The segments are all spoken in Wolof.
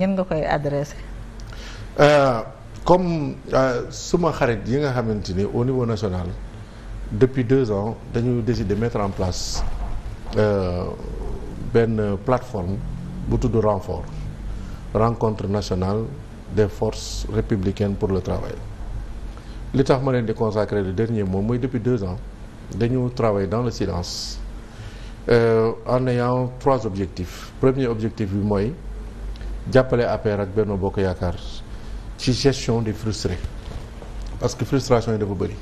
ñan nga koy adressé. Euh, comme euh, suma xarit yi nga xamante ni au niveau national depuis deux ans dañu décidé mettre en place euh, benn plateforme bu tudd renfort rencontre nationale des force républicaines pour le travail li tax ma leen di consacrer le dernier moom mooy depuis deux ans dañu travailler dans le silence euh, en ayant trois objectifs premier objectif bi mooy jàppale APR ak benn Bokk Yaakaar ci gestion des frustrés parce que frustration yi dafa bëri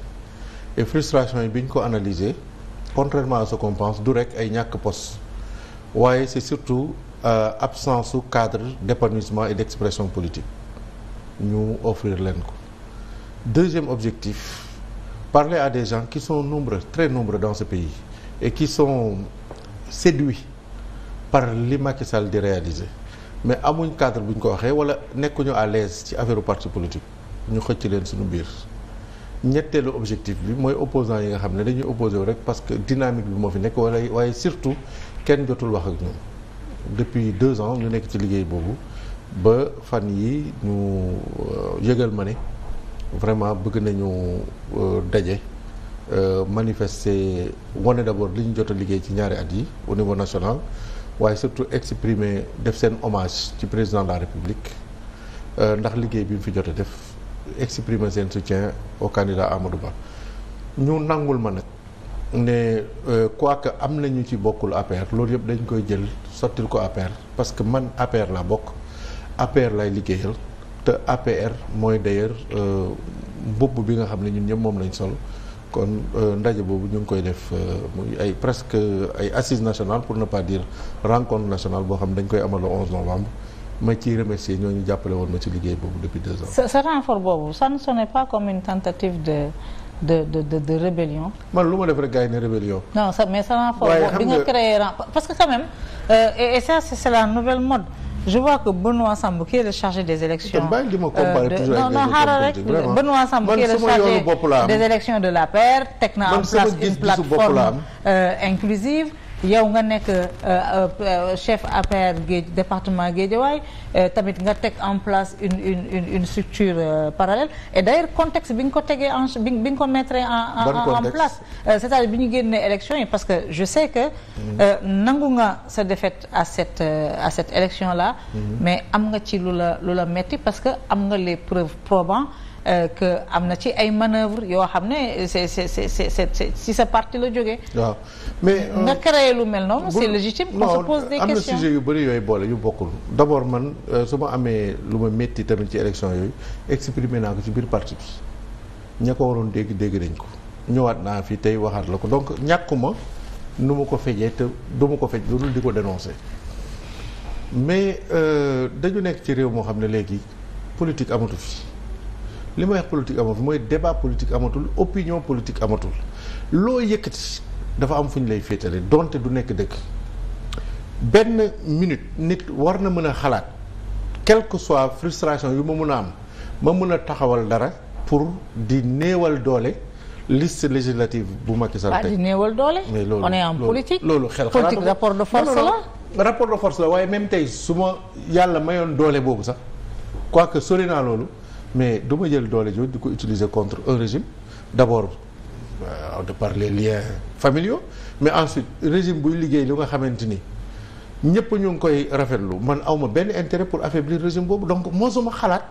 et frustration yi bi ñu ko analyser contrairement à ce qu'on du rek ay ñàkk poste waaye c'est surtout euh, absence su cadre d'épanouissement et d'expression politique ñu offrir leen ko deuxième objectif parler à des gens qui sont nombreux très nombreux dans ce pays et qui sont séduits par li Macky Sall di réaliser mais amuñ cadre bu ñu ko waxee wala nekkuñu à l'aise ci affaire parti politique ñu xëcc leen suñu biir ñetteelu objectif bi mooy opposant yi nga xam ne dañuy opposé wu rek parce que dynamique bi moo fi nekk wala waaye surtout kenn jotul wax ak ñoom depuis deux ans ñu nekk ci liggéey boobu ba fan yi ñu euh, yëgal ma ne vraiment bëgg nañu euh, daje euh, manifester wane d'abord li ñu jot a liggéey ci ñaari at yi au niveau national waaye surtout exprimer def seen hommage ci président de la république euh, ndax liggéey bi mu fi jot def exprimer seen soutien au Amadou Ba ñu nangul ma nag ne euh, quoi que am ñu ci bokkul APR loolu yëpp dañ koy jël sottil ko APR parce que man APR laa bokk APR lay liggéeyal te APR mooy d'ailleurs euh, mbubb bi nga xam ne ñun ñëpp moom lañ sol kon euh, ndaje boobu ñu ngi koy def euh, muy ay presque ay assises nationales pour ne pas dire rencontre nationale boo xam dañ koy amal le 11 novembre ma ciy remercier ñooñu jàppale woon ma ci liggéey boobu depuis deux ans. ce renfort boobu ça ne sonnait pas comme une tentative de. de de rébellion. man lu ma def rek gars yi ne rébellion. non ça mais ça renfort bi nga créé parce que quand même euh, et, et c'est la nouvelle mode. je vois que Benoît Sambou qui est le chargé des élections bàyyi di ma euh, comparer toujours non non xaaral rek Benoît Sambou qui est le chargé des élections de l'APR teg na en place une plateforme euh, inclusive yow nga nekk euh, euh, euh, chef APR Géej département Guédiawaye tamit nga teg en place une une une une structure parallèle et d'ailleurs contexte bi nga ko tegee en bi bi nga ko mettre en en place c'est-à-dire bi ñu génnee élection yi parce que je sais que mm-hmm. nangu nga sa défaite à cette à cette élection là mm-hmm. mais am nga ci lu la lu la metti parce que am nga les preuves probantes Euh, que am na ci ay manœuvres yoo xam ne c'est si sa parti la jóge waaw mais euh, nga créé lu mel noonu. c'est légitime qu'on se pose des questions yu bëri yooyu boole yu bokkul d'abord man euh, su ma amee lu ma métti tamit ci élection yooyu exprimer naa ko ci biir parti bi ña ko waroon dégg dégg nañ ko ñëwaat naa fi tey waxaat la ko donc ñàkkuma nu ma ko fejee te du ma ko fej loolu di ko dénoncer mais dañu nekk ci réew moo xam ne léegi politique amatu fi. li ma wax politique amatul mooy débat politique amatul opinion politique amatul loo yëkkati dafa am fu ñu lay féetale donte du nekk dëkk benn minute nit war na mën a xalaat quelque que soit frustration yu ma mën a am ma mën a taxawal dara pour di néewal doole liste législative bu Macky Sall ah, tey di néewal doole. mais loolu on est en politique xel politique rapport de force la. rapport de force la waaye même tey su ma yàlla mayoon doole boobu sax quoique sori naa loolu. mais du ma jël doole jooju di ko utiliser contre un régime d'abord euh, de par les liens familiaux mais ensuite régime buy liggéey li nga xamante ni ñëpp ñu ngi koy rafetlu man awma benn intérêt pour affaiblir régime boobu donc mosuma xalaat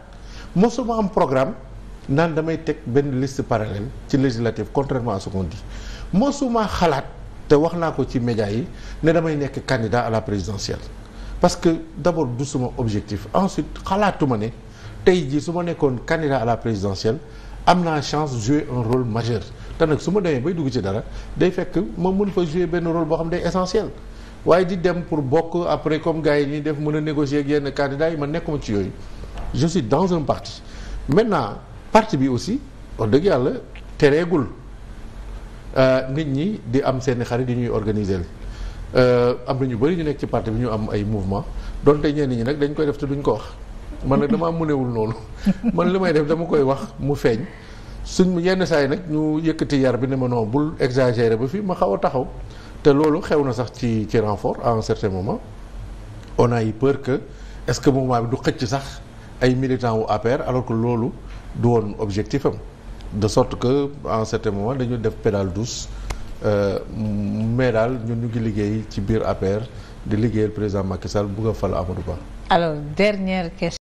mosuma am programme naan damay teg benn liste parallèle ci législative contrairement à ce qu'on dit mosuma xalaat te wax naa ko ci médias yi ne damay nekk candidat à la présidentielle parce que d'abord du suma objectif ensuite xalaatuma ne tey jii su ma nekkoon candidat à la présidentielle am na chance jouer un rôle majeur te nag su ma demee bay dugg ci dara day fekk ma mën fa jouer benn rôle boo xam day essentiel waaye di dem pour bokk après comme gars yi ñuy def mën a négocier ak yenn candidats yi ma nekkuma ci yooyu je suis dans un parti maintenant parti bi aussi wax dëgg yàlla tereegul euh, nit ñi di am seeni xarit yi ñuy organiser euh, am na ñu bëri ñu nekk ci parti bi ñu am ay mouvement donte ñenn ñi nag dañ koy def te duñ ko wax man nag damaa mënewul noonu man li may def dama koy wax mu feeñ suñ yenn saay nag ñu yëkkati yar bi ne ma non bul exagéré ba fii ma xaw a taxaw te loolu xew na sax ci ci renfort à un moment on a eu peur que es ce que moment bi du xëcc sax ay militants wu APR alors que loolu du woon objectif am de sorte que à un certain moment dañu def pédale douce euh, mais daal ñun ñu ngi liggéey ci biir APR di liggéeyal président Macky Sall fal Amadou Ba. alors